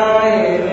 Amen.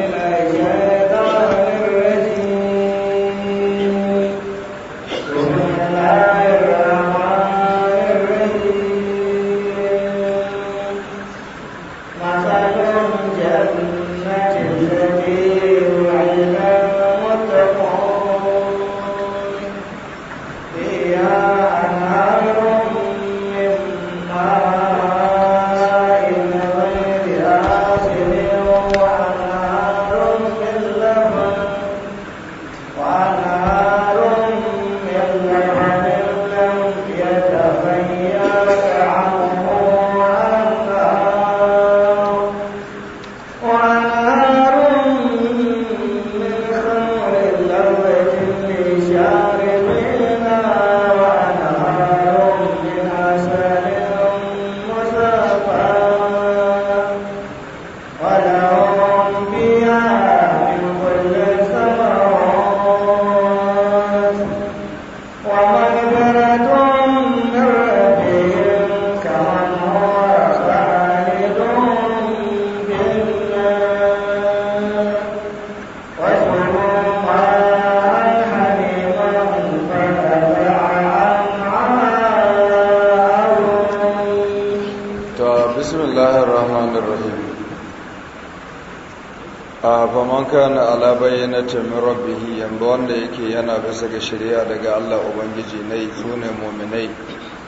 sahihan wanda yake yana bisa ga shari'a daga Allah ubangiji ne sune mu'minai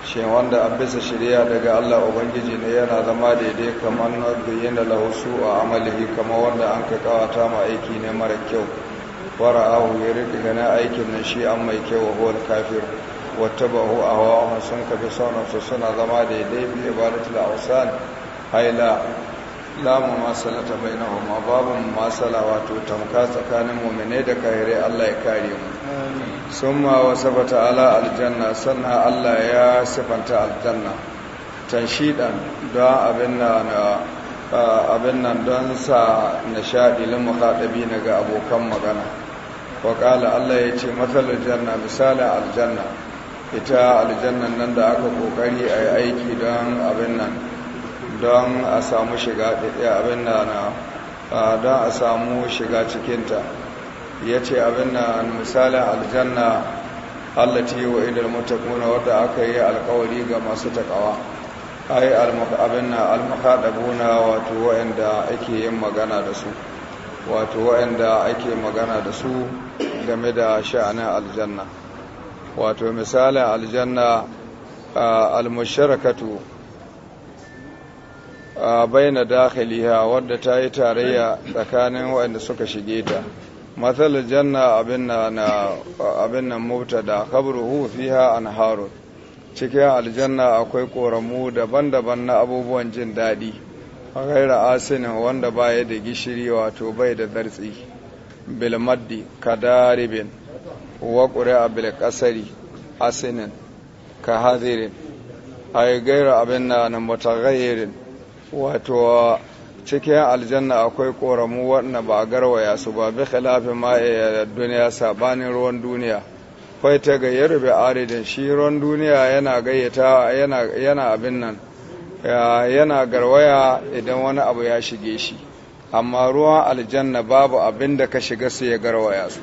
shi wanda an bisa shari'a daga Allah ubangiji ne yana zama daidai kamar bayyana lahu a amalihi kamar wanda an ka kawata ma aiki ne mara kyau wara'ahu ya rika gana aikin na shi an mai kyau wa huwal kafir a awahum sun kafi sauransu suna zama daidai bi ibadatul awsan haila lamu masalata bainahuma babu masala wato tamka tsakanin mu'mine da kahire Allah ya kare mu summa wa sabata ala aljanna sannan Allah ya sifanta aljanna tanshidan don abin nan abin nan don sa nishadi lil muqaddabi na abokan magana wa qala Allah ya ce masalul janna misala aljanna ita aljannan nan da aka kokari ayi aiki don abin nan don a samu shiga eh, abin da na don a samu shiga cikinta ya ce abin da misalin aljanna allati wa idar mutakuna wadda aka yi alkawari ga masu takawa ai abin na almakadabuna wato wa'anda ake yin magana da su wato wa'anda ake magana da su game da sha'anin aljanna wato misalin aljanna almusharakatu A baina dakhiliha wadda ta yi tarayya tsakanin waɗanda suka shige ta matsalar janna abin nan mubtada kabruhu fiha anharu cikin aljanna akwai koramu daban-daban na abubuwan jin daɗi a gaira asinin wanda baya da gishiri wato bai da zartsi bilmaddi kadaribin wa ƙuri'a bilkasari asinin ka hadirin a gaira abin na mutagayyarin wato cikin aljanna akwai koramu waɗanda ba a garwaya su ba bi khilafin ma'a duniya sabanin ruwan duniya kwai ta gayyar bi aridin shi ruwan duniya yana gayyata yana abin nan yana garwaya idan wani abu ya shige shi amma ruwan aljanna babu abin da ka shiga su ya garwaya su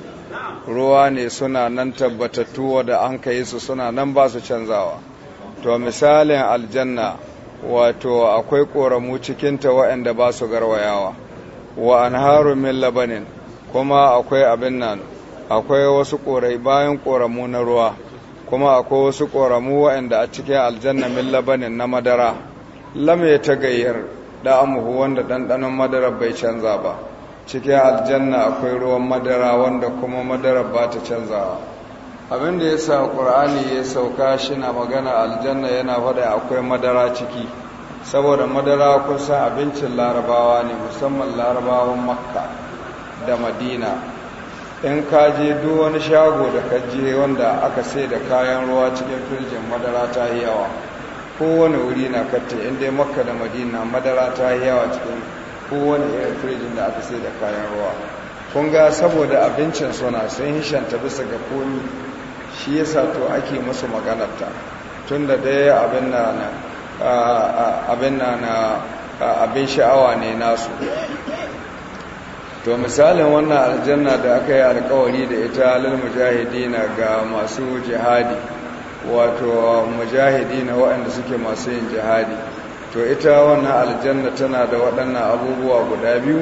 ruwa ne suna nan tabbatattu da an ka su suna nan ba su canzawa to misalin aljanna wato akwai ƙoramu cikinta waɗanda ba su garwayawa wa anharu min labanin kuma akwai abin nan akwai wasu ƙorai bayan ƙoramu na ruwa kuma akwai wasu ƙoramu waɗanda a cikin aljanna min labanin na madara lam ta gayyar da amuhu wanda ɗanɗanon madara bai canza ba cikin aljanna akwai ruwan madara wanda kuma madara ba ta canzawa abinda ya sa ƙur'ani ya sauka shi na magana aljanna yana faɗa akwai madara ciki saboda madara kusan abincin larabawa ne musamman larabawan makka da madina in ka je duk wani shago da ka je wanda aka sai da kayan ruwa cikin firjin madara ta yi yawa kowane wuri na katte inda makka da madina madara ta yi yawa cikin kowane irin firjin da aka sai da kayan ruwa kun ga saboda abincin suna sun hishanta bisa ga komi shi yasa to ake musu maganarta tun da dai abin na abin na abin sha'awa ne nasu to misalin wannan aljanna da aka yi alkawari da ita lal mujahidina ga masu jihadi wato mujahidina waɗanda suke masu yin jihadi to ita wannan aljanna tana da waɗannan abubuwa guda biyu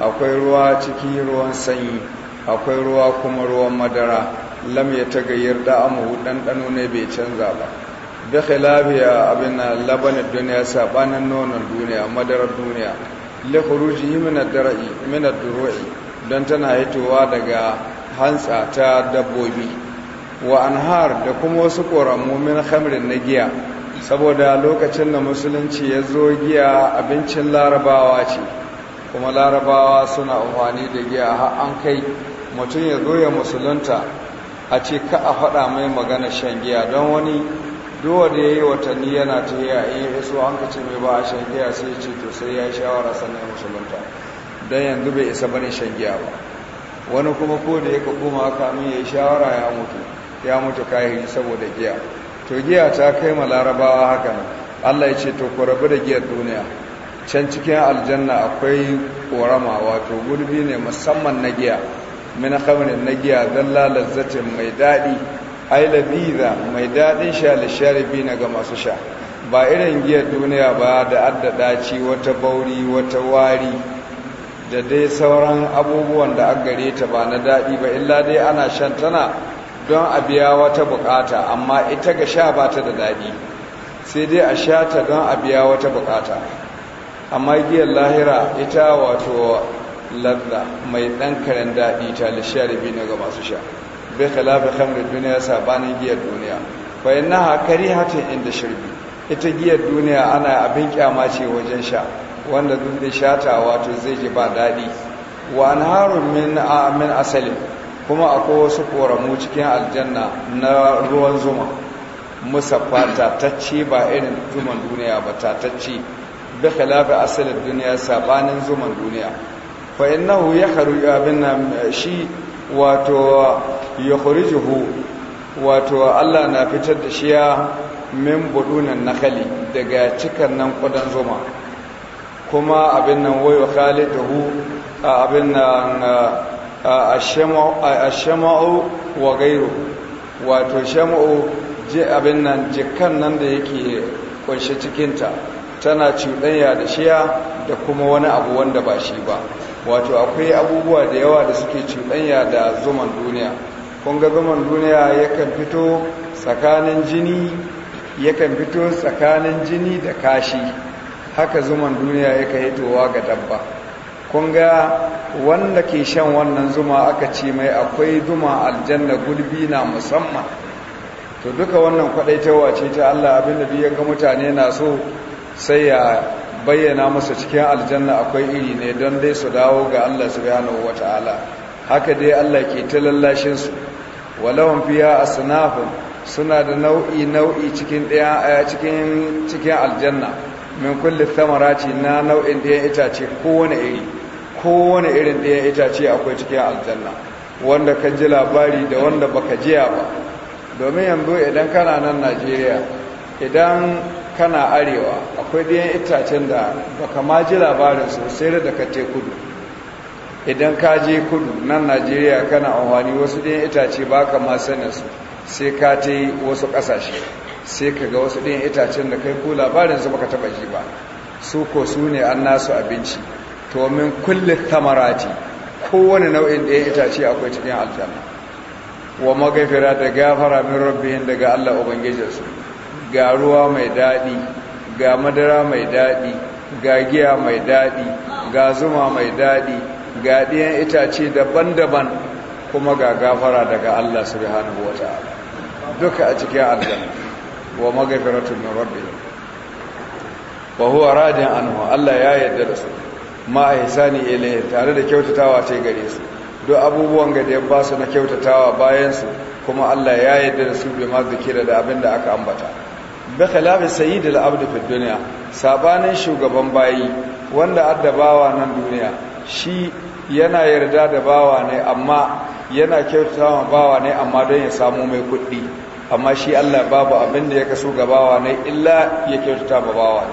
akwai ruwa ciki ruwan sanyi akwai ruwa kuma ruwan madara lam ya tagayyar da'amu ɗanɗano ne bai canza ba da khilafiya abin labanin duniya saɓanin nonon duniya madarar duniya likuruji minar duru'i don tana haitowa daga hantsa ta dabbobi wa anhar da kuma wasu ƙoramu min hamrin na giya saboda lokacin da musulunci ya zo giya abincin larabawa ce kuma larabawa suna amfani da giya har an kai mutum ya zo ya musulunta a ce ka a faɗa mai magana shan giya don wani duwa da ya yi watanni yana ta yi a iya iso an ka ce mai ba a shan giya sai ce to sai ya yi shawara sannan musulunta don yanzu bai isa bane shan giya ba wani kuma ko da ya kuma aka ya yi shawara ya mutu ya mutu kahiri saboda giya to giya ta kai ma larabawa haka nan allah ya ce to ku rabu da giyar duniya can cikin aljanna akwai korama wato gurbi ne musamman na giya min khamrin na giya zalla lazzatin mai daɗi ai ladiza mai daɗin sha lisharibi na ga masu sha ba irin giyar duniya ba da addada ci wata bauri wata wari da dai sauran abubuwan da aka gareta ba na daɗi ba illa dai ana shan tana don a biya wata bukata amma ita ga sha ba ta da daɗi sai dai a sha ta don a biya wata bukata amma giyar lahira ita wato ladda mai ɗan karen daɗi ta lisharibi na ga masu sha bai khalafa khamrin duniya sabanin giyar duniya bayan na hakari hatin inda shirbi ita giyar duniya ana abin kyama ce wajen sha wanda duk da shata wato zai ji ba daɗi wa harun min amin asalin kuma akwai wasu koramu cikin aljanna na ruwan zuma musaffa tatacce ba irin zuman duniya ba tatacce bi khilafi asalin duniya sabanin zuman duniya fa innahu yakhruju abin shi wato yakhrujuhu wato Allah na fitar da shi ya min budunan nakali daga cikan nan kudan zuma kuma abin nan wayo khalidahu abin nan ashama'u wa gairu wato shama'u je abin nan jikan nan da yake kunshe cikinta tana cuɗanya da shiya da kuma wani abu wanda ba shi ba wato akwai abubuwa da yawa da suke cuɗanya da zuman duniya kun zuman duniya yakan fito tsakanin jini yakan fito tsakanin jini da kashi haka zuman duniya yaka hitowa ga dabba kun wanda ke shan wannan zuma aka ce mai akwai zuma aljanna gulbi na musamman to duka wannan kwadaitawa ce ta Allah abinda duk ya ga mutane na so sai ya bayyana masa cikin aljanna akwai iri ne don dai su dawo ga Allah su subhanahu wata'ala haka dai Allah ke ta lallashin su fiya a asnafun suna da nau'i nau'i cikin daya eh, cikin cikin aljanna min kulli thamarati na nau'in daya itace kowane iri kowane irin daya itace akwai cikin aljanna wanda ka ji labari da wanda baka jiya ba domin yanzu idan kana nan Najeriya idan kana arewa akwai biyan itacen da baka ma ji labarin sosai da daga te kudu idan ka je kudu nan najeriya kana amfani wasu biyan itace ba ka ma su sai ka te wasu kasashe sai ka ga wasu biyan itacen da kai ko labarin su baka taba ji ba su ko su ne an nasu abinci to min kulle tamarati kowane nau'in ya itace akwai cikin aljanna wa magafira da gafara min rabbihin daga allah ubangijinsu ga ruwa mai daɗi ga madara mai daɗi ga giya mai daɗi ga zuma mai daɗi ga ɗiyan itace daban-daban kuma ga gafara daga Allah subhanahu wa wata duka a cikin aljanna wa magafiratun na rabbi wa huwa radin anhu Allah ya yarda da su ma ihsani ilayhi tare da kyautatawa ce gare su duk abubuwan ga da ya ba su na kyautatawa bayansu su kuma Allah ya yarda da su bi ma zikira da abin da aka ambata bi khilafi sayyidil abdi fi dunya sabanin shugaban bayi wanda addabawa nan duniya shi yana yarda da bawa ne amma yana wa bawa ne amma don ya samu mai kuɗi amma shi Allah babu abin da ya kaso ga bawa ne illa ya kyautata ba bawa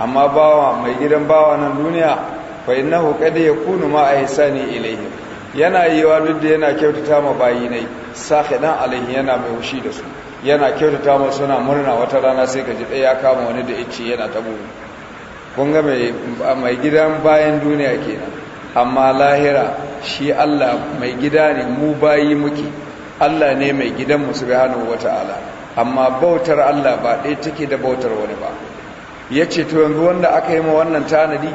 amma bawa mai gidan bawa nan duniya fa innahu qad yakunu ma ahsani ilayhi yana yiwa duk da yana kyautata ma bayi ne sakhidan alaihi yana mai hushi da su yana kyautata mu suna murna wata rana sai ka ji ɗaya ya kama wani da ice yana ta bugu kun ga mai gidan bayan duniya kenan amma lahira shi Allah mai gida ne mu bayi muke Allah ne mai gidan mu subhanahu wata'ala amma bautar Allah ba ɗaya take da bautar wani ba yace to yanzu wanda aka yi ma wannan tanadi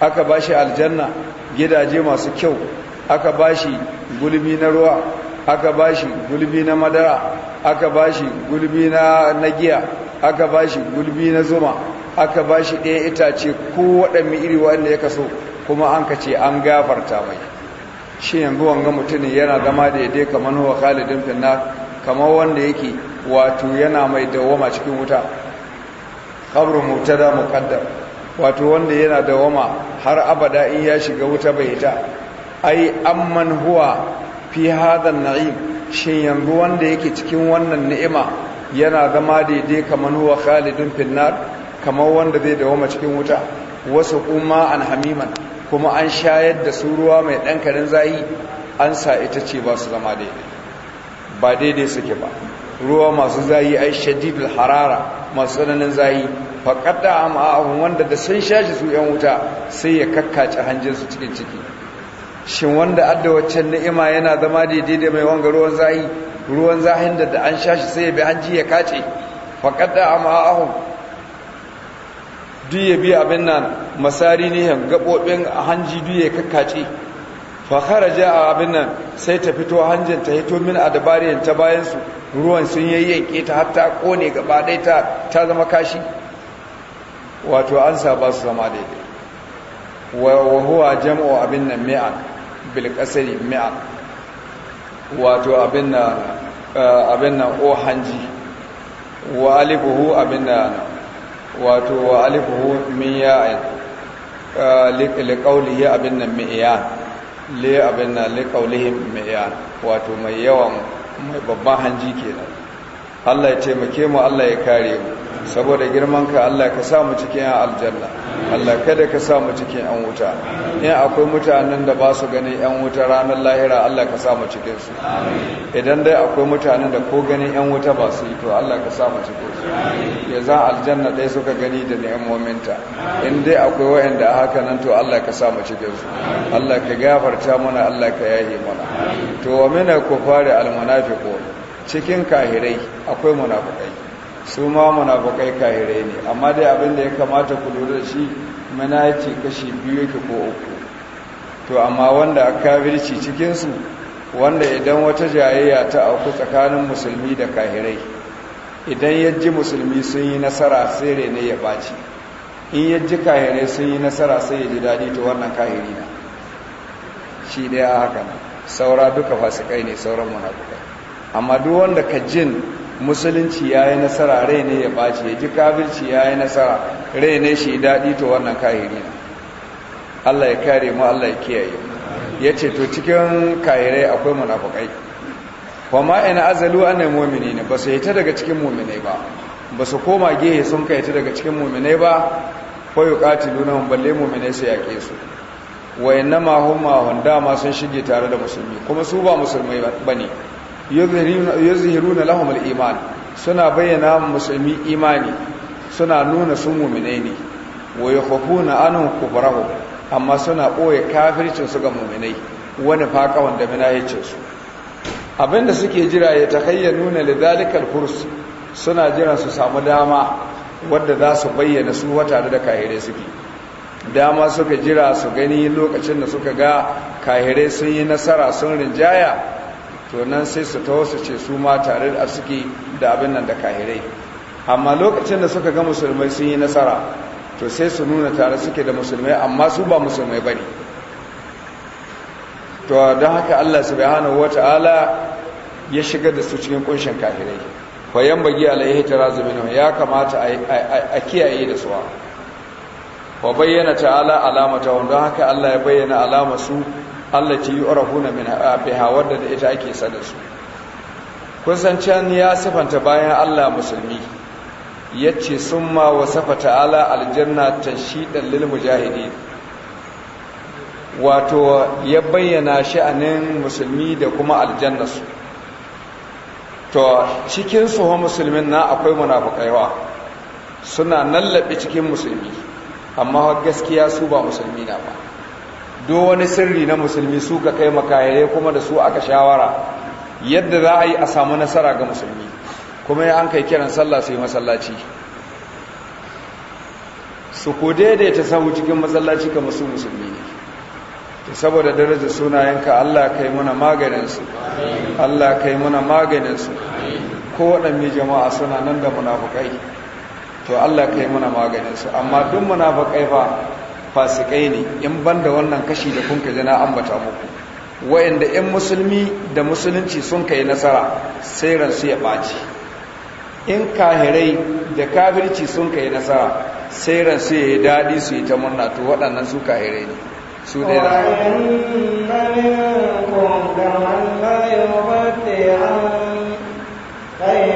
aka bashi aljanna gidaje masu kyau aka bashi gulmi na ruwa aka bashi gulbi na madara aka bashi gulbi na nagiya aka bashi gulbi na zuma aka bashi ɗaya itace ko waɗanne iri wanda ya kaso kuma an ka ce an gafarta mai shi yanzu wanga mutumin yana zama da yadda kamar huwa khalidin finna kamar wanda yake wato yana mai dawama cikin wuta kabru mutada muqaddar wato wanda yana dawama har abada in ya shiga wuta bai ita ai amman huwa fi hadan na'im shin yanzu wanda yake cikin wannan ni'ima yana zama daidai kamar huwa khalidun finnar kamar wanda zai dawoma cikin wuta wasu kuma an hamiman kuma an shayar da su ruwa mai ɗankarin zahi an sa ita ce ba su zama daidai ba daidai suke ba ruwa masu zahi ai shadidul harara masu tsananin zahi faƙaɗa amma wanda da sun shashi su 'yan wuta sai ya kakkace su cikin ciki shin wanda adda waccan ni'ima yana zama daidai da mai wanga ruwan zahi ruwan zahin da an sha shi sai ya bi hanji ya kace faqad da ama'ahum duk ya bi abin nan masari ne gabobin hanji duk ya kakkace fa kharaja abin nan sai ta fito hanjin ta hito min adabariyan ta bayan su ruwan sun yayyanke ta har ta kone gaba dai ta ta zama kashi wato an saba su zama daidai wa huwa jam'u abin nan mi'an bilkasari mi'a wato abin na eh, o hanji wa alifuhu abin na wato wa alifuhu min ya'in eh, liƙaulihi abin na mi'iya le abin na liƙaulihin mi'iya wato mai yawan mai babban hanji kenan Allah ya taimake mu Allah ya kare mu saboda girman ka Allah ka sa mu cikin aljanna Allah kada ka sa mu cikin ƴan wuta in akwai mutanen da ba su ganin ƴan wuta ranar lahira Allah ka sa mu cikin su idan dai akwai mutanen da ko ganin ƴan wuta ba su yi to Allah ka sa mu cikin su ya za aljanna dai suka gani da ni'imominta in dai akwai wayanda haka nan to Allah ka sa mu cikin su Allah ka gafarta mana Allah ka yahe mana to wa mina kufari almunafiqun cikin kahirai akwai munafiqai su ma munafukai kayirai ne amma dai abin da ya kamata ku lura da shi manaci kashi biyu yake ko uku to amma wanda a kafirci cikinsu wanda idan wata jayayya ta auku tsakanin musulmi da kahirai idan yajji musulmi sun yi nasara sai rene ya baci in yajji kahirai sun yi nasara sai ya ji daɗi to wannan kahiri na shi ɗaya haka saura duka fasikai ne sauran munafukai amma duk wanda ka jin musulunci ya yi nasara rai ne ya ɓaci ya ji kafirci ya yi nasara rai ne shi daɗi to wannan kahiri ne allah ya kare mu allah ya kiyaye ya ce to cikin kahirai akwai munafukai kuma in azalu an annal ne ba su yi ta daga cikin mu'minai ba ba su koma gehe sun kai ta daga cikin mu'minai ba ko nuna balle mu'minai su ke su wa innama huma wanda ma sun shige tare da musulmi kuma su ba musulmai ne. yuzhiruna lahum al-iman suna bayyana musulmi imani suna nuna sun mu'minai ne wa na an kufrahum amma suna boye kafircin su ga mu'minai wani faka wanda mina yace su abinda suke jira ya takayyanuna lidhalika al-furs suna jiran su samu dama wadda za su bayyana su wata da kahire suke dama suka jira su gani lokacin da suka ga kahire sun yi nasara sun rinjaya to nan sai su ta su ce su ma tare da suke da abin nan da kahirai amma lokacin da suka ga musulmai sun yi nasara to sai su nuna tare suke da musulmai amma su ba musulmai ba ne to don haka allah subhanahu wa ta'ala ya shigar da su cikin kunshin kahirai bayan bagi alaihi tarazu minhu ya kamata a kiyaye da suwa wa bayyana ta'ala alamata don haka allah ya bayyana alama su allati yu'rafuna min ah, biha wadda da ita ake sada su kun san can ya sifanta bayan Allah musulmi yace summa wa safa ta'ala aljanna tashidan lil mujahidin wato ya bayyana sha'anin musulmi da kuma aljanna su to cikin su musulmin na akwai wa suna nallabe cikin musulmi amma gaskiya su ba musulmi na ba do wani sirri na musulmi su ka kai makayaye kuma da su aka shawara yadda za a yi a samu nasara ga musulmi kuma ya an kai kiran sallah sai masallaci su ko daidaita sahu cikin masallaci kamar su musulmi ne ta saboda daraja sunayenka Allah kai muna maganinsu Allah kai muna maganinsu ko waɗanne jama'a suna nan da munafukai to Allah kai muna maganinsu amma duk munafukai ba fasikai ne in banda wannan kashi da kun kaji na ambata muku wayanda in musulmi da musulunci sun kai nasara sai ransu ya ɓaci in kahirai da kafirci sun kai nasara sai ransu ya yi daɗi su yi ta murna to waɗannan su kahirai ne su ɗaya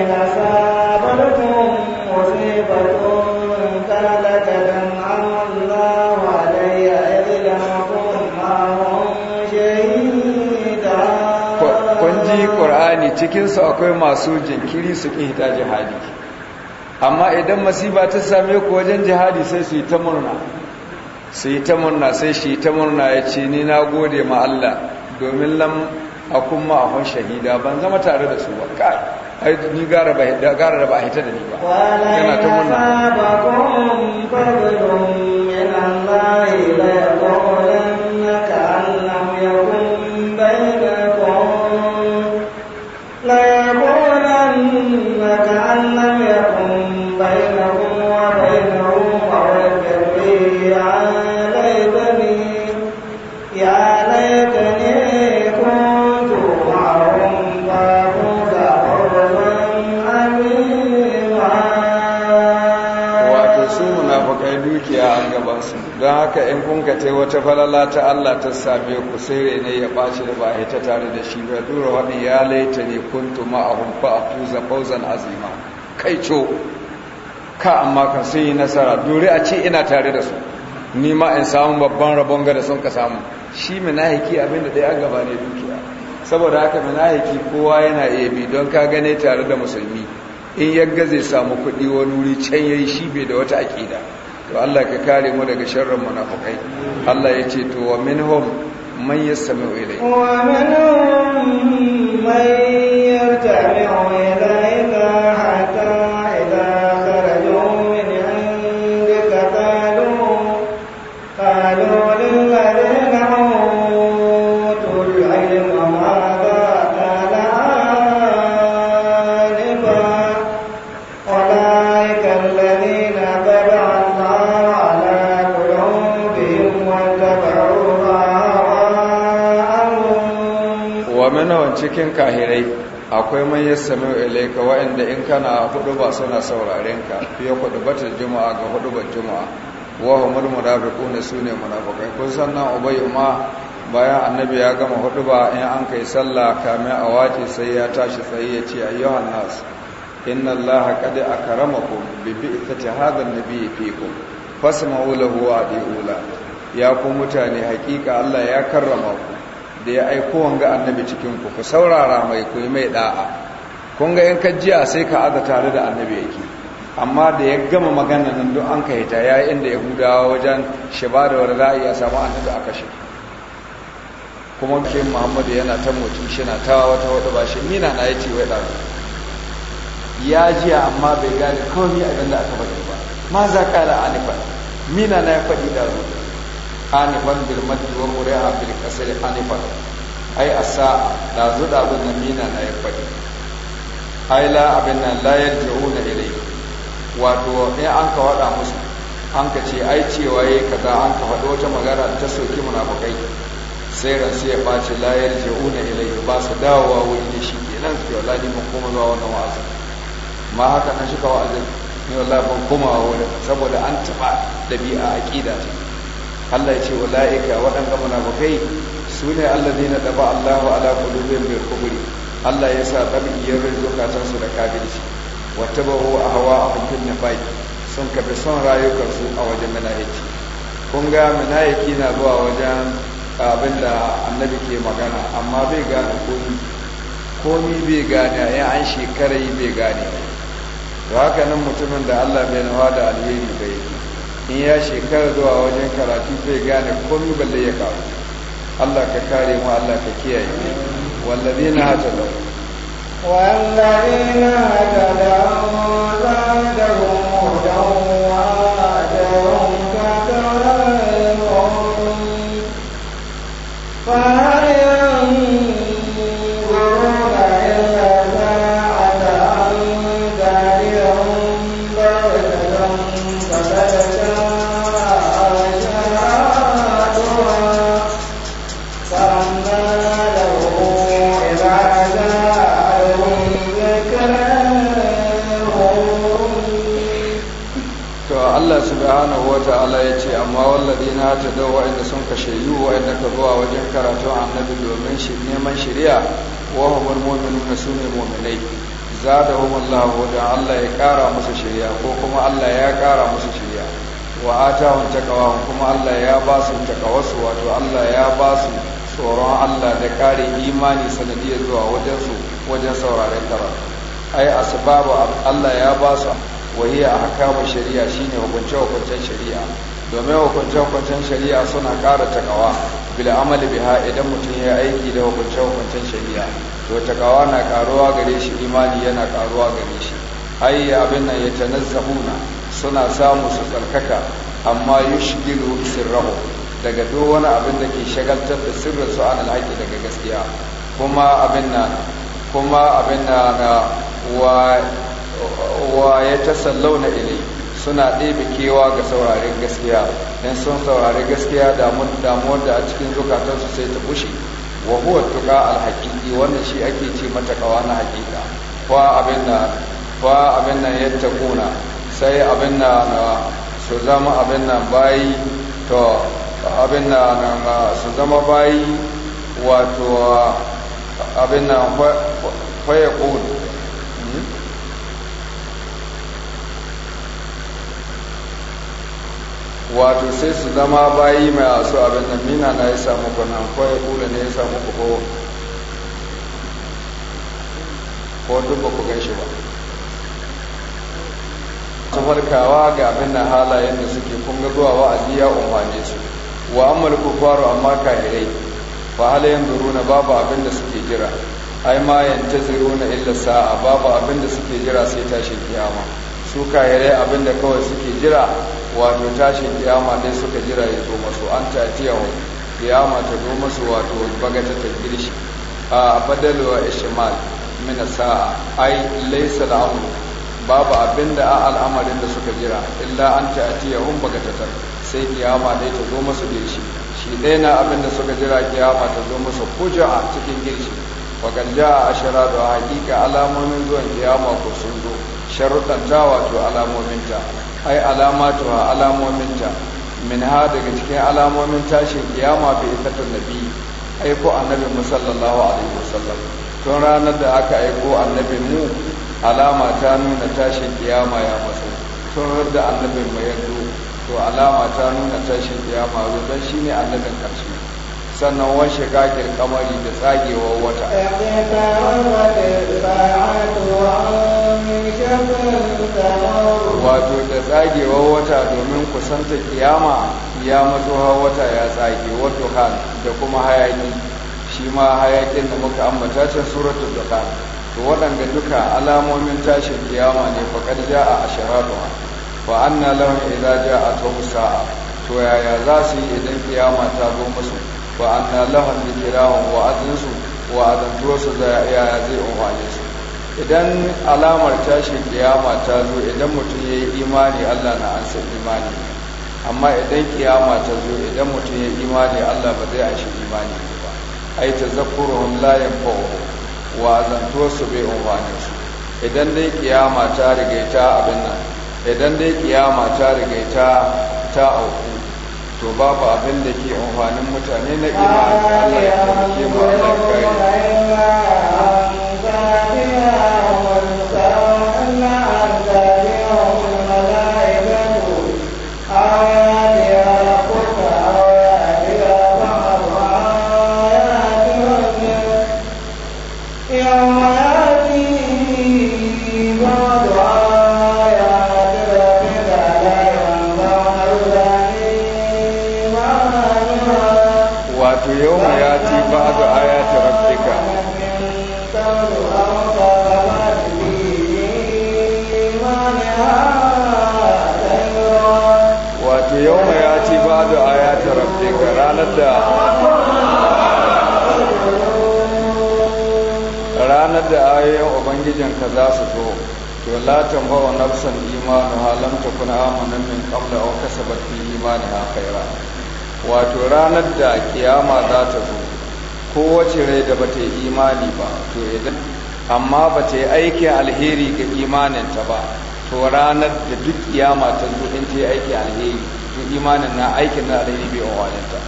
na bayani cikinsu akwai masu jinkiri su ƙi hita jihadi amma idan masiba ta same ku wajen jihadi sai su yi ta murna su yi ta murna sai shi ta murna ya ce ni na gode ma Allah domin lam a kuma a shahida ban zama tare da su ba kai ai ni gara ba da ba hita da ni ba yana ta murna don haka in kun ka wata falala ta Allah ta same ku sai ne ya ɓace da ba a ta tare da shi ba dura wani ya laita ne tuma a hunfa a tuza fauzan azima kai co ka amma kan sun yi nasara duri a ce ina tare da su ni ma in samu babban rabon ga sun ka samu shi minahiki abin da ɗaya gaba ne dukiya saboda haka minahiki kowa yana iya bi don ka gane tare da musulmi in yagga zai samu kuɗi wani wuri can yayi shi bai da wata aƙida to Allah ka kare mu daga sharrin munafukai Allah ya ce to wa minhum man yastami'u ilayk wa minhum man yartami'u ilayk cikin kahirai akwai man sami ilaika waɗanda in kana hudu ba suna sauraren ka fiye kudu batar juma'a ga hudu ba juma'a wa humul munafiquna ne munafiqai kun san nan ubay ma bayan annabi ya gama hudu ba in an kai sallah kamin a wace sai ya tashi tsaye ya ce ayyuhan nas inna allaha qad akramakum bi bi'thati hadha an-nabi fikum fasma'u lahu wa adi'u ya ku mutane hakika Allah ya karrama ku da ya aiko wanga annabi cikin ku ku saurara mai ku yi mai da'a kun ga in kajiya sai ka aza tare da annabi yake amma da ya gama magana nan duk an kai ta yayi inda yahudawa wajen shiba da warza'i ya samu annabi a kashe kuma ke muhammadu yana ta motsi shi na ta wata wata ba shi mina na yace wai da ya jiya amma bai gane kawai abin ganda aka faɗi ba ma za ka la anifa mina na ya faɗi da hanifan bil maddi wa muri'a bil kasri hanifan ai asa da abin na namina na ya faɗi ai la abin nan jihu na ilai wato in an ka waɗa musu an ka ce ai cewa ka kaza an ka faɗo wata magana ta soki munafukai sai ran sai ya ɓaci jihu na ilai ba su dawowa wuri da shi nan su wallahi mun koma zuwa wannan wa'azi ma haka nan shi ka wa'azi ne wallahi ban koma wurin saboda an taɓa ɗabi'a aƙida ce Allah ya ce wa la'ika, waɗanda munafukai su ne Allah alladina daba wa ala qulubihim mai kuburi Allah ya sa tabiyyar zukatan su da kafirci a ahwa na nifaq sun kafi son rayukansu su a wajen manahiki kun ga na zuwa wajen abinda annabi ke magana amma bai gane komi komi bai gane ya an shekarai bai gane Ba haka nan mutumin da Allah bai nawa da alheri bai in ya shekara zuwa wajen karatu zai gane komi balle ya kawo Allah ka kare mu Allah ka kiyaye wallazina hatalaw wallazina hatalaw da mu? alladina ta dau wa'anda sun ka shayu wa'anda ka zuwa wajen karatu annabi domin shi neman shari'a wa na mu'minuna sune mu'minai za da Allah ya kara musu shari'a ko kuma Allah ya kara musu shari'a wa atahum taqwa kuma Allah ya ba su wato Allah ya ba su tsoron Allah da kare imani sanadiyar zuwa wajen wajen sauraren karatu ai asbabu Allah ya ba su wahiya ahkamu shari'a shine hukunce hukuncen shari'a domin hukunce-hukuncen shari'a suna kara takawa bil amali biha idan mutum ya aiki da hukunce-hukuncen shari'a to takawa na karuwa gare shi imani yana karuwa gare shi ai abin nan ya tanazzahuna suna samu su tsarkaka amma yushgilu sirrahu daga duk wani abin da ke shagaltar da sirrin su an alhaki daga gaskiya kuma abin nan kuma abin nan wa wa ya tasallauna ilai suna ɗebe kewa ga sauraren gaskiya don sun saurari gaskiya damuwar da a cikin zukatansu sai ta bushe wa huwa tuka alhaƙiƙi wannan shi ake ce mata kawa na haƙiƙa fa abin nan yadda kuna sai abin na su zama abin nan bayi to abin na su zama bayi wato abin nan wato sai su zama bayi mai asu abin da mina na ya samu kwanan ko kula ne ya samu ku ko ba ku gan shi ba su farkawa ga abin da halayen da suke kun ga zuwa wa'azi ya umarne su wa ammal faru amma kahirai ba halayen na babu abin da suke jira ai ma na illa sa'a babu abin da suke jira sai tashi kiyama su kayarai abinda kawai suke jira wato tashin kiyama dai suka jira ya zo masu an tatiyawa kiyama ta zo masu wato bagata ta girshi a fadalwa ishimal mina sa'a ai da amu babu abinda a al'amarin da suka jira illa an bagata ta sai kiyama dai ta zo masu girshi shi dai na abinda suka jira kiyama ta zo masu kuja cikin girshi fakan ja a ashara da hakika alamomin zuwan kiyama ko sun zo sharuɗan ta wato alamominta ai alamatu ha alamominta min ha daga cikin alamomin tashin kiyama bi ikatun nabi aiko annabi sallallahu alaihi wasallam tun ranar da aka aiko annabi mu alama ta nuna tashin kiyama ya faso tun ranar da annabi mu ya to alama ta nuna tashin kiyama don shine annabin karshe sannan wani shiga, kamari da tsagewar wata wato da tsagewar wata domin kusanta kiyama ya matuwa wata ya tsage wato hal da kuma hayaki shi ma hayakin da muka ambata can suratul dukan to waɗanda duka alamomin tashin kiyama ne faƙar ja a sharatuwa wa anna lahum a ja'a sa'a to yaya za su yi idan kiyama ta zo musu ba an na lahun da kirahun wa'azinsu wa'azantuwarsu da yaya zai umarni su idan alamar tashin kiyama ta zo idan mutum ya yi imani allah na ansa imani amma idan kiyama ta zo idan mutum ya yi imani allah ba zai anshi imani ba ai ta zakurun layan fa'o wa'azantuwarsu bai umarni su idan dai kiyama ta rigaita abin nan idan dai kiyama ta rigaita ta auku to babu abin da ke amfanin mutane na imani Allah ya taimake mu Allah amma ba ta yi aikin alheri ga imaninta ba to ranar da duk kiyama ta zo in ta yi aikin alheri to imanin na aikin na alheri bai wawalinta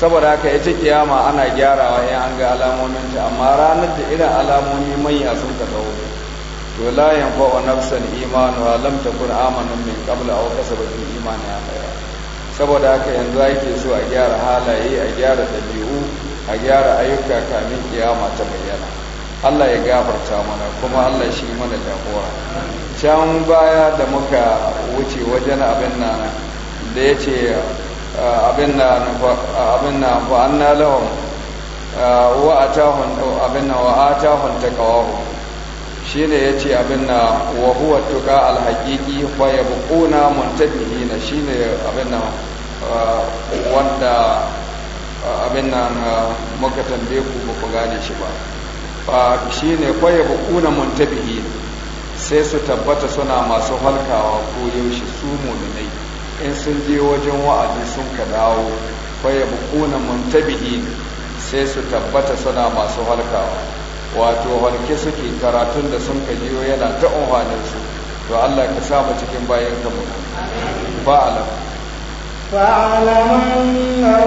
saboda haka ita kiyama ana gyarawa in an ga alamominta amma ranar da irin alamomi manya sun ka dawo to la yanfa'u nafsan imanuha lam takun amanan min qabla aw kasabat imanin ya khayra saboda haka yanzu ake so a gyara halaye a gyara dabi'u a gyara ayyuka kamin kiyama ta bayyana Allah ya gafarta mana kuma Allah shi mana jagora can baya da muka wuce wajen abin nan da ya ce abin nan fa anna lahum wa atahun abin nan wa atahun ne ya yace abin nan wa huwa tuqa alhaqiqi fa yabquna shi ne abin nan wanda abin nan muka tambaye ku ba ku gane shi ba fa ne kwaye hukuna muntabihi sai su tabbata suna masu halkawa ko yaushe su mu'minai in sun je wajen wa'azi sun ka dawo kwaye hukuna muntabihi sai su tabbata suna masu halkawa wato halke suke karatun da sun ka jiyo yana ta su to Allah ka sa mu cikin bayan ka mu ba alam fa'alaman la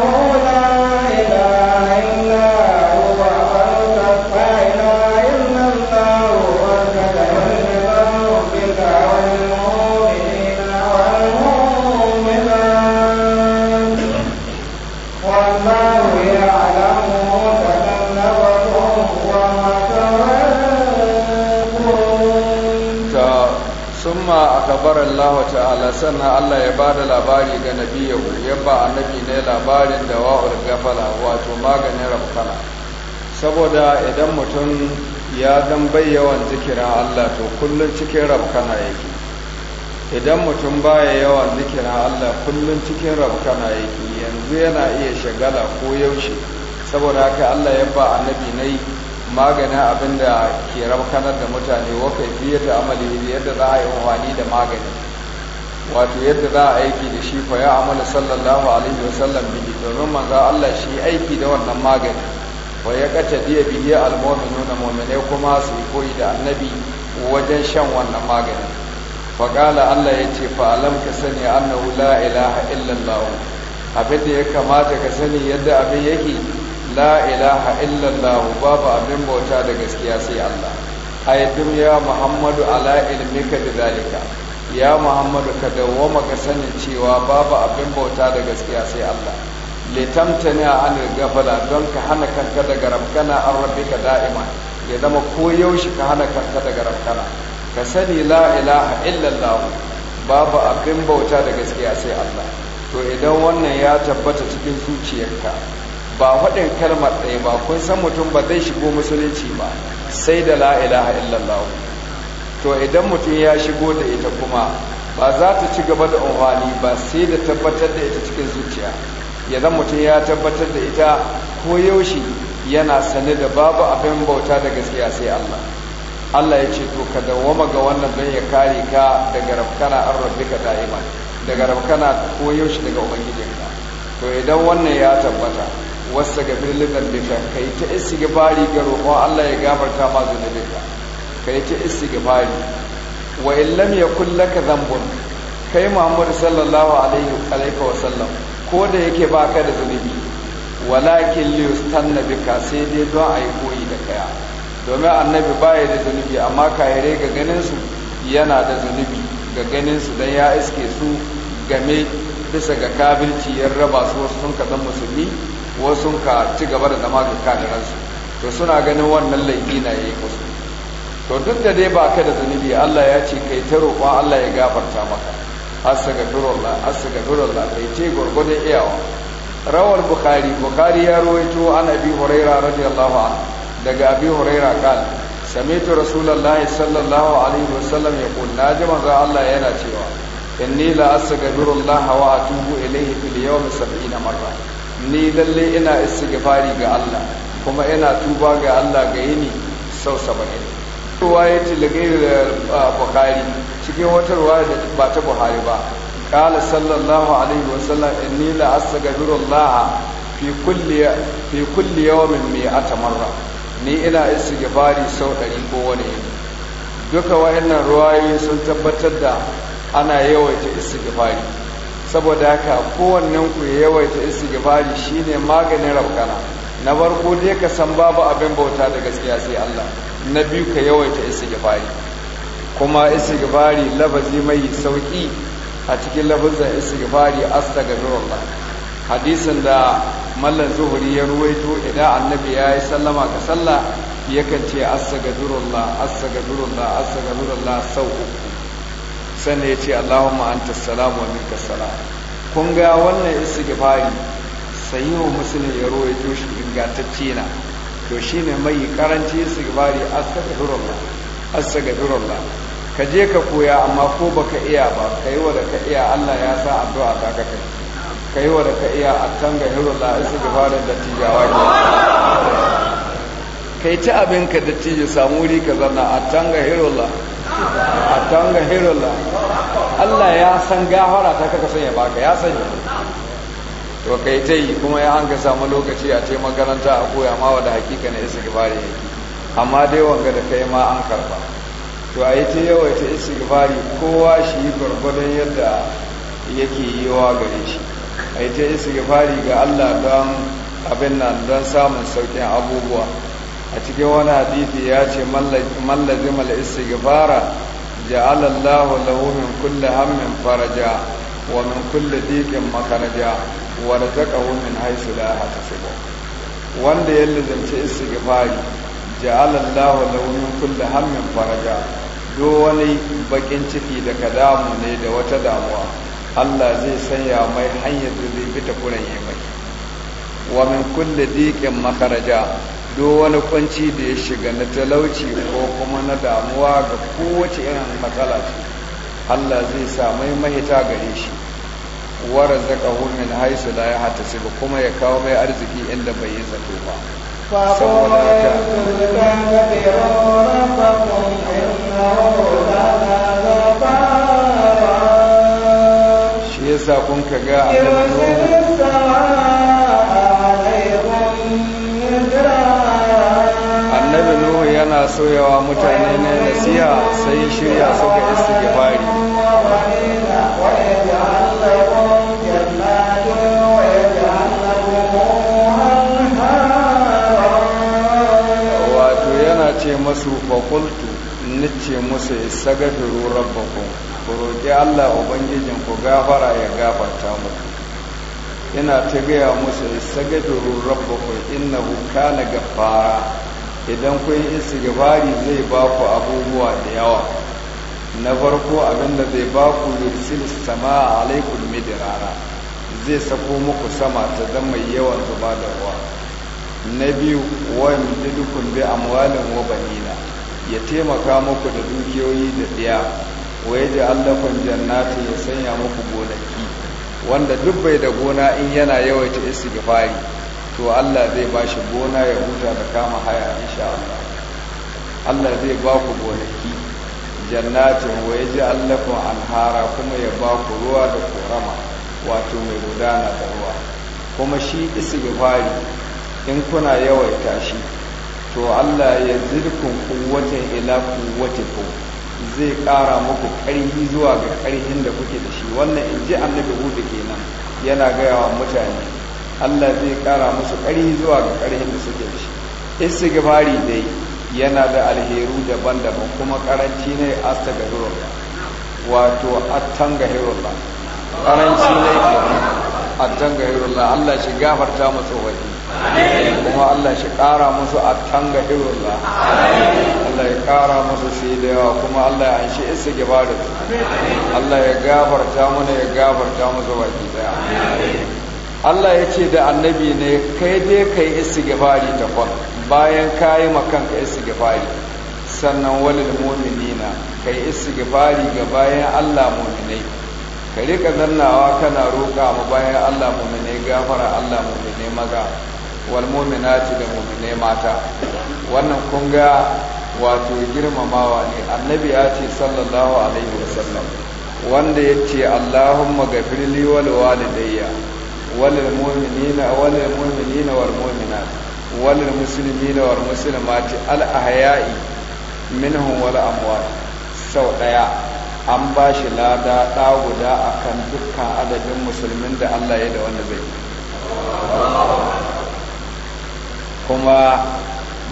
ilaha illa akabar Allah ta'ala sannan Allah ya bada labari ga nabiyahu ya ba annabi ne labarin da wa'ul gafala wato maganin rafkana saboda idan mutum ya dan yawan zikirin Allah to kullun cikin rafkana yake idan mutum baya yawan zikirin Allah kullun cikin rafkana yake yanzu yana iya shagala ko yaushe saboda haka Allah ya ba annabi ne maganin abin da ke rabkanar da mutane wa kaifiyar da amali yadda za a yi amfani da magani wato yadda za a aiki da shi fa ya amala sallallahu alaihi wa sallam bi domin manzo Allah shi aiki da wannan magani wa ya kace biya almuminu almu'minuna mu'minai kuma su koyi da annabi wajen shan wannan magani fa qala Allah yace fa alam ka sani annahu la ilaha illa Allah abin da ya kamata ka sani yadda abin yake la ilaha illallah babu abin bauta da gaskiya sai Allah Haifin ya muhammadu ala ilmika da zalika ya muhammadu ka dawoma ka sanin cewa babu abin bauta da gaskiya sai Allah litamtani an gafala don ka hana kanka daga rabkana an rabbika da'ima ya zama ko yaushe ka hana kanka daga rabkana ka sani la ilaha illallah babu abin bauta da gaskiya sai Allah to idan wannan ya tabbata cikin zuciyarka ba faɗin kalmar ɗaya ba kun san mutum ba zai shigo musulunci ba sai da la'ilaha illallah to idan mutum ya shigo da ita kuma ba za ta ci gaba da umarni ba sai da tabbatar da ita cikin zuciya ya zan mutum ya tabbatar da ita ko yaushe yana sane da babu abin bauta da gaskiya sai Allah Allah ya ce to ka dawwama ga wannan don ya kare ka daga rafkana an rabbika da'iman daga rafkana ko yaushe daga ubangijinka to idan wannan ya tabbata Wasu ga birnin da ka yi ta istighfari ga roƙo Allah ya gabarta ma zunubinka ka yi ta bari wa in lam yakul laka dhanbun kai Muhammad sallallahu alaihi wa sallam ko da yake baka da zunubi walakin li yustanna bika sai dai don yi koyi da kaya domin annabi ba ya da zunubi amma kayare ga ganin yana da zunubi ga ganinsu su dan ya iske su game bisa ga kafirci ya raba su wasu sun kazan musulmi wasu ka ci gaba da zama da ransu to suna ganin wannan laifi na yayi musu to duk da dai ba ka da zunubi Allah ya ce kai ta roƙon Allah ya gafarta maka astaghfirullah astaghfirullah kai ce gwargwadon iyawa rawar bukhari bukhari ya rawaito an abi huraira radiyallahu anhu daga abi huraira kal sami'tu rasulullahi sallallahu alaihi wasallam yaqul naji manzo Allah yana cewa inni la astaghfirullah wa atubu ilayhi fil yawmi 70 marra ni lalle ina istighfari ga Allah kuma ina tuba ga Allah ga yini sau saba'in ruwa ya ce da ah, bukari cikin wata ruwa da ba ta buhari ba kala sallallahu alaihi wasallam inni la astaghfirullah fi kulli fi kulli yawmin mi'ata marra ni ina istighfari sau ɗari ko wani yini duka wayannan ruwayoyi sun tabbatar da ana yawaita istighfari saboda haka kowannen ku yawaita istighfari shine maganin rabkana na farko dai ka san babu abin bauta da gaskiya sai Allah na biyu ka yawaita Bari. kuma istighfari lafazi mai sauki a cikin lafazin istighfari astaghfirullah hadisin da mallan zuhuri ya ruwaito idan annabi ya yi sallama ka sallah yakan ce astaghfirullah astaghfirullah astaghfirullah sau uku sannan ya ce Allahumma anta salamu wa minka salam kun ga wannan istighfari wa musulun ya rawaito shi ingantacce na to shi ne mai karanci istighfari astaghfirullah astaghfirullah ka je ka koya amma ko baka iya ba kai wa da ka iya Allah ya sa addu'a ta ka kai kai wa da ka iya attanga hirullah istighfarin da tijawa kai ta abinka da tije samu ri ka zanna attanga hirullah a tanga hirola Allah ya san gahara ta kaka sun ya baka ya sanya. to kai ta yi kuma ya hanga samu lokaci a ce makaranta a koya ma wada hakika na isa gibari amma dai wanga da kai ma an karba to a yi ta ta isa gabari kowa shi yi gwargwadon yadda yake yi wa gare shi a yi ta isa gabari ga Allah don abin nan don samun sauƙin abubuwa a cikin wani hadisi ya ce mallazim al-istighfara ja'ala Allah lahu min kulli hammin faraja wa min kulli diqin makaraja wa razaqahu min haythu la ba wanda ya lazimci istighfari ja'ala Allah lahu min kulli hammin faraja do wani bakin ciki da kadamu ne da wata damuwa Allah zai sanya mai hanyar da zai fita ta yi mai wa min kulli diqin makaraja duk wani kwanci da ya shiga na talauci ko kuma na damuwa ga kowace irin matsala ce Allah zai sa mai mahita gare shi wara zaka hulmin haisu da ya hata shiga kuma ya kawo mai arziki inda bai yi zato ba saboda shi yasa kun kaga a annabi nuhu yana soyawa mutane na nasiha sai shirya suka istighfari wato yana ce masu fakultu ce musu istagafiru rabbakum ku roƙi Allah ubangijin ku gafara ya gafarta muku ina ta gaya musu in na innahu kana gaffara idan kun istighfari zai ba ku abubuwa da yawa na farko abinda zai ba ku yursil sama alaikum midrara zai sako muku sama ta zama yawan zuba da ruwa na biyu wa yumdidukum bi amwalin wa banina ya taimaka muku da dukiyoyi da ɗaya wa yaji allafan jannati ya sanya muku gonaki wanda duk bai da gona in yana yawaita istighfari to Allah zai ba shi gona ya huta da kama haya insha Allah Allah zai ba ku gonaki jannatin wa yaji allafin anhara kuma ya ba ku ruwa da korama wato mai gudana da ruwa kuma shi istighfari in kuna yawaita shi to Allah ya zirkun kuwatin ila ku zai ƙara muku ƙarfi zuwa ga karfin da kuke da shi wannan in ji annabi hudu kenan yana gaya wa mutane Allah zai kara musu ƙari zuwa ga ƙarhin da suke da shi istighfari dai yana da alheru daban-daban kuma karanci ne astaghfirullah wato attaghfirullah karanci ne attaghfirullah Allah shi gafarta musu wani kuma Allah shi kara musu attaghfirullah Allah ya kara musu shi da yawa kuma Allah ya anshi istighfari Allah ya gafarta mana ya gafarta musu wani daya Allah ya ce da annabi ne kai dai ka yi istighfari ta kwan bayan ka yi makanka istighfari sannan walil mu'minina ka yi istighfari ga bayan Allah mu'minai ka rika zannawa kana roƙa mu bayan Allah mu'minai gafara Allah mu'minai maza wal mu'minati da mu'minai mata wannan kun ga wato girmamawa ne annabi ya ce sallallahu alaihi wasallam wanda ya ce Allahumma gafirli wal walidayya walil mu'minina walil mu'minina wal mu'minat walil muslimina wal muslimati al ahya'i minhum wal amwat sau daya an ba shi lada da guda akan dukkan adadin musulmin da Allah ya da wanda bai kuma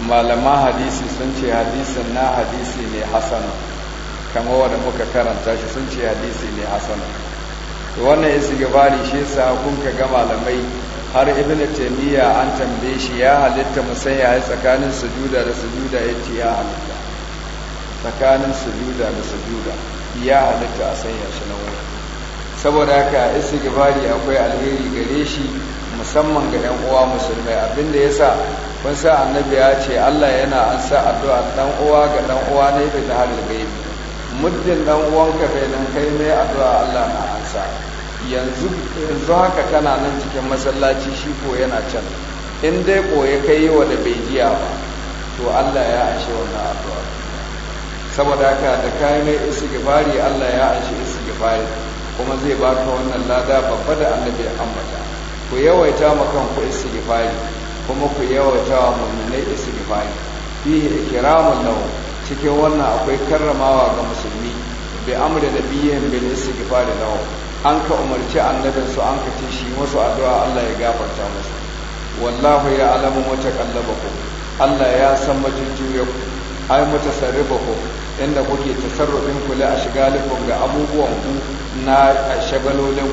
malama hadisi sun ce hadisin na hadisi ne hasan kamar wanda muka karanta shi sun ce hadisi ne hasan to wannan istighfari shi sa kun ka ga malamai har ibn taymiya an tambaye shi ya halitta musayya ya tsakanin sujuda da sujuda yace ya halitta tsakanin sujuda da sujuda ya halitta a sanya shi na wuri saboda haka istighfari akwai alheri gare shi musamman ga ɗan uwa musulmai abinda ya sa kun sa annabi ya ce Allah yana an sa addu'a ɗan uwa ga ɗan uwa ne da halin gaibi muddin ɗan uwanka bai nan kai mai addu'a Allah na sa yanzu yanzu haka kana nan cikin masallaci shi ko yana can in dai ya kai wa da bai jiya ba to Allah ya ashe wannan addu'a saboda haka da kayan mai istighfari Allah ya ashe istighfari kuma zai baka wannan lada babba da annabi ambata ku yawaita ma kanku istighfari kuma ku yawaita wa mu'minai istighfari fihi ikramun lahu cikin wannan akwai karramawa ga musulmi bi amri nabiyin bil istighfari lahu an ka umarci annabin su an ka ce shi musu addu'a Allah ya gafarta musu wallahu ya alamu kallaba ku. Allah ya san majujjuyar ku ai mutasarrifaku inda kuke tasarrufin a shiga lufin ga abubuwan ku na shagalolin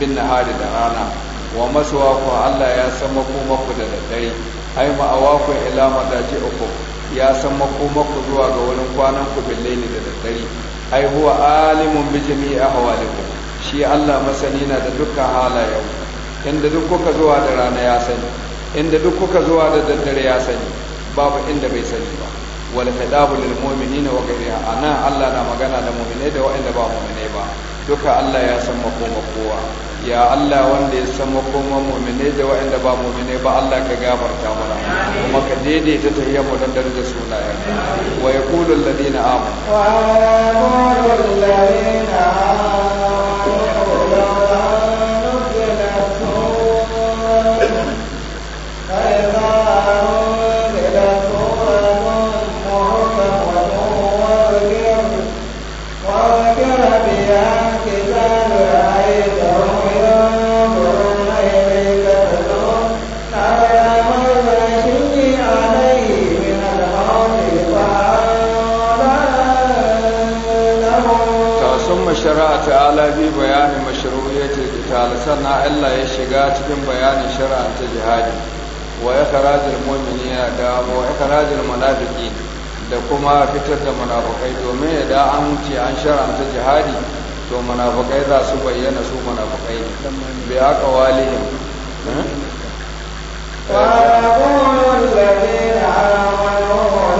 bin hari da rana wa masuwa ku Allah ya san makomaku da daddare ai ma'awaku ila uku ya san makomaku zuwa ga wurin kwanan ku billaili da daddare ai huwa alimun bi jami'i ahwalikum shi Allah masani na da dukkan halayen inda duk kuka zuwa da rana ya sani inda duk kuka zuwa da daddare ya sani babu inda bai sani ba wal hadabu lil mu'minina wa ghayriha ana Allah na magana da mu'minai da wa'anda ba mu'minai ba duka Allah ya san makoma kowa ya Allah wanda ya san makoman mu'mine da waɗanda ba mu'mine ba Allah ka gafarta mana kuma ka daidaita tahiyyar mu dan darajar sunayen wa kulu alladhina amanu wa yaqulu alladhina Allah ya shiga cikin bayanin shari'a ta jihadi wa mumini mu'minina da wa karajin da kuma fitar da munafukai domin ya da an ce an ta jihadi to munafukai za su bayyana su munafukai bi haka walihim eh? wa qulul ladina amanu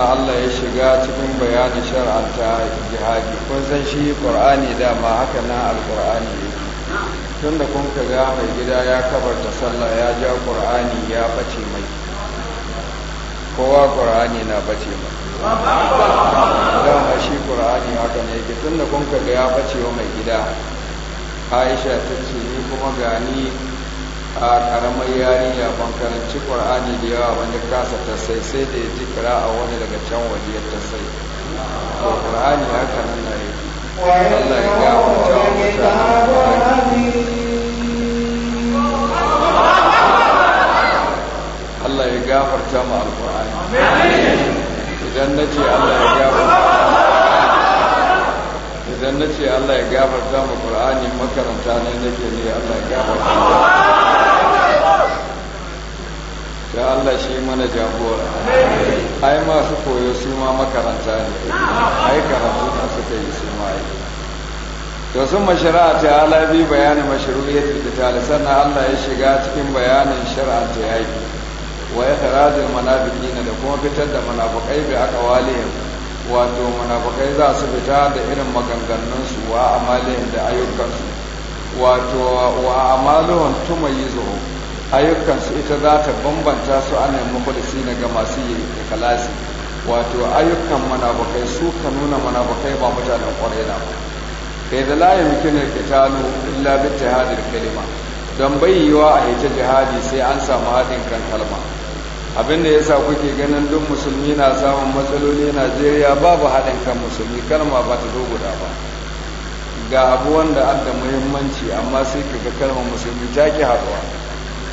na Allah ya shiga cikin bayanin shar'anta jihadi kun san shi qur'ani ma haka na alqur'ani yake tun da kun ka ga mai gida ya kabar da sallah ya ja qur'ani ya bace mai kowa qur'ani na bace mai ma shi qur'ani haka ne yake tun da kun ka ga ya bace wa mai gida Aisha ta ce ni kuma gani a karamar yarinya ban karanci da yawa wanda kasa ta sai sai da ya ji kira a wani daga can waje ta sai to qur'ani haka nan yi. Allah ya gafarta wa mutane Allah ya gafarta mu alqur'ani idan na ce Allah ya gafarta idan na ce Allah ya gafarta mu Qur'ani makaranta ne nake ne Allah ya gafarta ya Allah shi mana jagora ai masu koyo su ma makaranta ne ai karatu na suka yi su ma yi to sun mashara ta ala bi bayanin mashru'iyyat qital sannan Allah ya shiga cikin bayanin shar'a ta yaki wa ikhrajul manabikin da kuma fitar da manabukai bi aqwalihim wato manabukai za su fita da irin maganganun su wa amalihim da ayyukansu wato wa amaluhum tumayyizuhum ayyukansu ita za ta bambanta su ana kudisi na ga masu yi kalasi wato ayyukan manabakai su ka nuna manabakai ba mutanen kwarai na ba kai da layin mutunar kitalu illa bi jihadin kalima don bai bayyewa a hita jihadi sai an samu haɗin kan kalma abin da sa kuke ganin duk musulmi na samun matsaloli najeriya babu haɗin kan musulmi kalma ba ta zo guda ba ga abu wanda da muhimmanci amma sai ka ga kalmar musulmi ta ki haɗuwa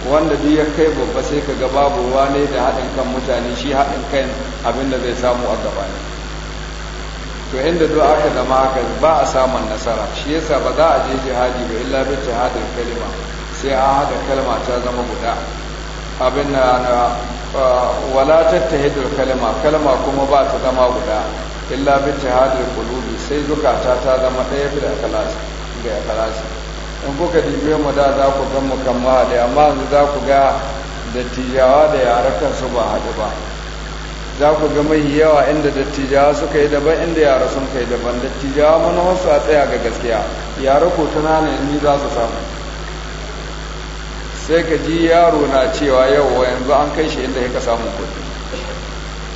wanda duk ya kai babba sai ka ga babu ruwa ne da haɗin kan mutane shi haɗin kan abin da zai samu a gaba ne to inda duk aka zama haka ba a samun nasara shi yasa ba za a je jihadi ba illa bi jihadin kalima sai an haɗa kalma ta zama guda abin na wala tattahidul kalima kalma kuma ba ta zama guda illa bi jihadin qulubi sai zukata ta zama ɗaya bil akhlasi ga akhlasi in kuka dibe mu da za ku gan mu kan mahadi amma yanzu za ku ga dattijawa da yare kansu ba haɗu ba za ku ga mai yawa inda dattijawa suka yi daban inda yare sun kai daban dattijawa wasu a tsaya ga gaskiya Yare ko ne ni za su samu sai ka ji yaro na cewa yau wa yanzu an kai shi inda ya samu kuɗi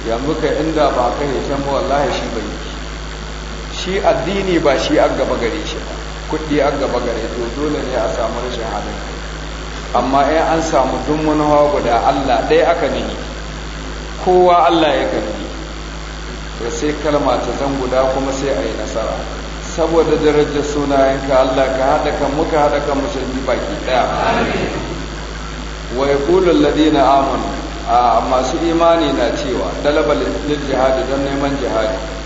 yanzu ka inda ba kai can wallahi shi bai shi addini ba shi an gaba gare shi ba kuɗi a gaba gare to dole ne a samu rashin halin amma in an samu duk hawa guda Allah ɗaya aka nihi kowa Allah ya gani to sai kalma ta zan guda kuma sai a yi nasara saboda darajar sunayenka Allah ka haɗa kan muka haɗa kan musulmi baki ɗaya wa yaqulu alladhina amanu masu imani na cewa dalabal lil don neman jihadi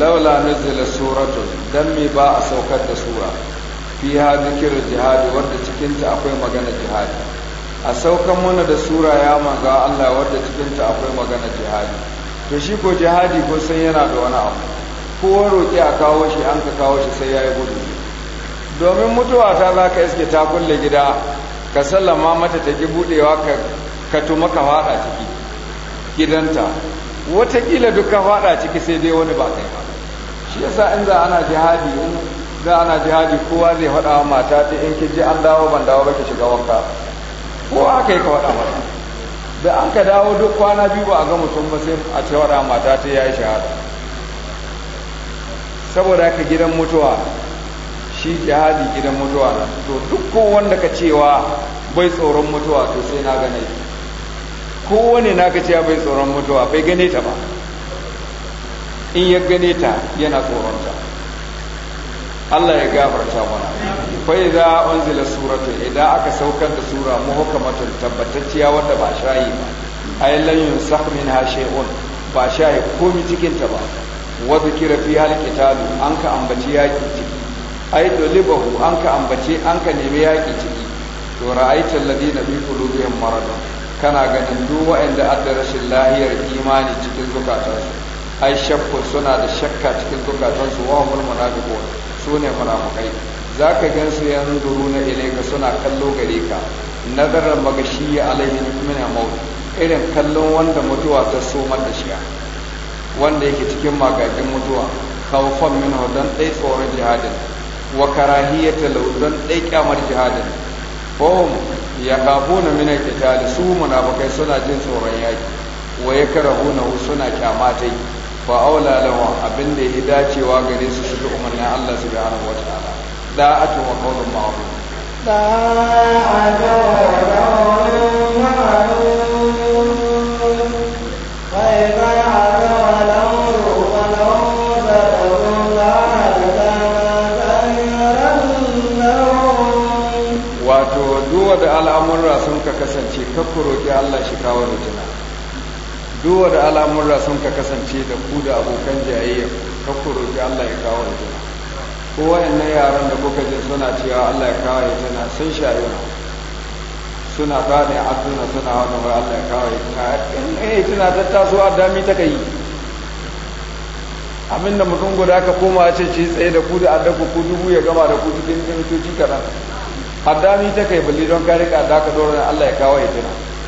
laula nazala suratu dan me ba a saukar da sura fiha zikirin jihadi wadda cikinta akwai magana jihadi a saukan mana da sura ya manzo Allah wadda cikinta akwai magana jihadi to shi ko jihadi ko san yana da wani abu kowa roƙi a kawo shi an ka kawo shi sai ya yi gudu domin mutuwa ta za ka iske ta kulle gida ka sallama mata ta ki buɗewa ka tuma ka faɗa ciki gidanta watakila duk ka faɗa ciki sai dai wani ba kai ba shi yasa in za ana jihadi in za ana jihadi kowa zai faɗa wa mata ta in ki ji an dawo ban dawo ba ki shiga wanka ko aka yi ka faɗa mata da an ka dawo duk kwana biyu ba a ga mutum ba sai a ce faɗa mata ta ya yi shahada saboda haka gidan mutuwa shi jihadi gidan mutuwa na to ko wanda ka cewa bai tsoron mutuwa to sai na gane wani na ka cewa bai tsoron mutuwa bai gane ta ba in ya gane ta yana tsoronta Allah ya gafarta mana fa idza unzila suratu idan aka saukar da sura muhkamatul tabbatacciya wanda ba shayi ba ay lan yunsakh minha shay'un ba shayi komi cikin ta ba wa zikira fi hal kitab an ka ambaci yaki ciki ay dolibahu an ka ambace an ka nemi yaki ciki to ra'aytal ladina fi qulubihim maradun kana ganin duk wa'anda adda rashin lahiyar imani cikin zukatansu ai shakku suna da shakka cikin dukatansu, wa hum munafiqun su ne munafiqai zaka gansu duru na ilaika suna kallo gare ka nazar magashi alaihi min maut irin kallon wanda mutuwa ta so da shi wanda yake cikin magajin mutuwa khawfan min dan dai tsoron jihadin wa karahiyata law dai kyamar jihadin hum ya kafuna min alqital su munafiqai suna jin tsoron yaki wa yakrahuna suna kyamatai fa aula lawa abin da ya dacewa gare su su bi umarnin Allah subhanahu wataala da'atu wa qawlun ma'ruf wa wato duwa da al'amurra sun ka kasance kakku Allah shi kawo da jina duwa da alamun sun ka kasance da ku da abokan jayayya ka ku Allah ya kawo jana ko na yaran da kuka ji suna cewa Allah ya kawo jana sun na suna faɗi abduna suna wani wai Allah ya kawo hijira in eh tana ta taso dami ta kai da mutum guda ka koma ce ci tsaye da ku da addaku ku dubu ya gama da ku cikin mintoci kaɗan adami ta kai balli don ka riƙa da ka dora Allah ya kawo jana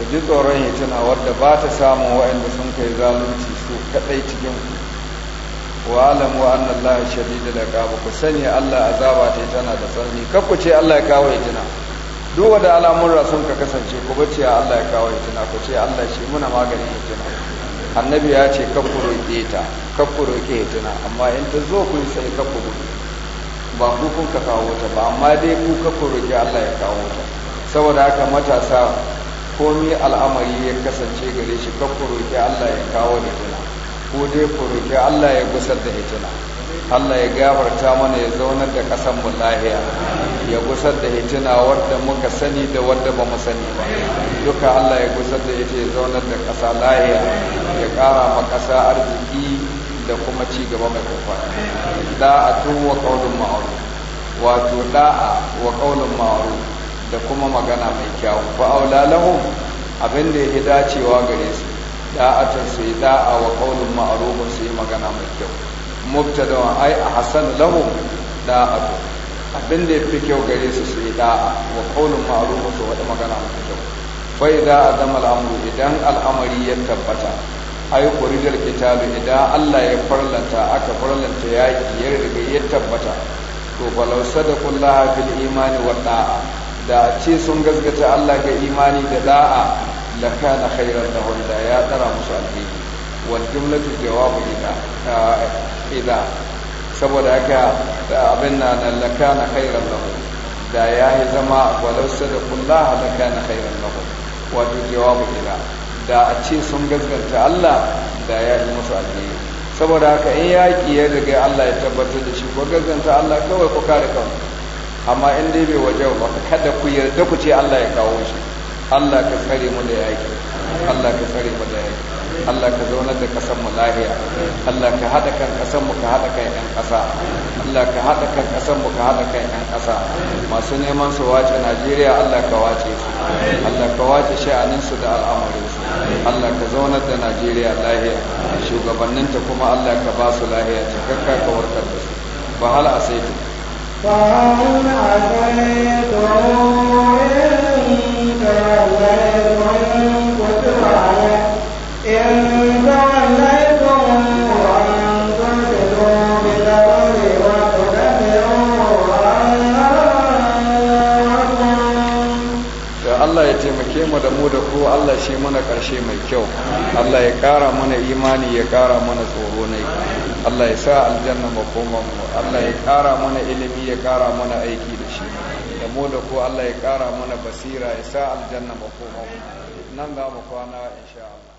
ku ji tsoron hitina wadda ba ta samun waɗanda sun kai zalunci su kaɗai cikin ku wa alamu anna Allah daga ba ku sani Allah azaba ta tana da tsanani kar ku ce Allah ya kawo hitina duk wadda al'amurra sun ka kasance ku bace Allah ya kawo hitina ku ce Allah shi muna maganin hitina annabi ya ce kar ku roƙe ta kar ku roƙe hitina amma in ta zo ku sai kar ku ba ku kun ka kawo ta ba amma dai ku kar ku roƙe Allah ya kawo ta saboda haka matasa komi al'amari ya kasance gare shi ka kuroke Allah ya kawo da hitina ko dai kuroke Allah ya gusar da hitina Allah ya gafarta mana ya zaunar da ƙasar mu lahiya ya gusar da hitina wadda muka sani da wadda ba mu sani ba duka Allah ya gusar da ita ya zaunar da ƙasa lahiya ya ƙara ma ƙasa arziki da kuma ci gaba mai kufa da'a tun wa ƙaunin ma'aru wato da'a wa ƙaunin ma'aru da kuma magana mai kyau fa aula lahum abin da yake dacewa gare su da'atan su yi da'a wa qaulun ma'rufun su yi magana mai kyau mubtada ai a hasan lahum da'atu abin da yafi kyau gare su su yi da'a wa qaulun ma'rufun su wata magana mai kyau fai da a zama al'amuru idan al'amari ya tabbata ai kurijal kitabu idan Allah ya farlanta aka farlanta yaki ya riga ya tabbata to da sadakullah fil imani wa da'a da ce sun gazgata Allah ga imani da da'a da kana khairan da da ya tsara musu alheri wal jumlatu jawabu Ila? ila saboda haka abin na la kana khairan da da ya yi zama walau sadaqullaha da kana khairan da wato jawabu Ila. da a ce sun gazgata Allah da ya yi musu alheri saboda haka in yaƙi ya riga Allah ya tabbatar da shi ko gazganta Allah kawai ku kare kanku amma in dai bai waje ba kada ku yarda ku ce Allah ya kawo shi Allah ka tsare mu da yaki Allah ka tsare mu da yaki Allah ka zaunar da kasar mu lahiya Allah ka hada kan kasar mu ka hada kan yan kasa Allah ka hada kan kasar mu ka hada kan yan kasa masu neman su wace Najeriya Allah ka wace su Allah ka wace sha'anin su da al'amarin su Allah ka zaunar da Najeriya lahiya shugabanninta kuma Allah ka ba su lahiya cikakka ka warkar da su ba hal a sai Allah ya taimake mu da mu da ku Allah shi mana ƙarshe mai kyau Allah ya ƙara mana imani ya ƙara mana tsoro ne Allah ya sa aljanna makoman mu Allah ya ƙara mana ilimi ya ƙara mana aiki da shi da mu da ko Allah ya ƙara mana basira ya sa aljanna makoman mu nan za mu kwana insha Allah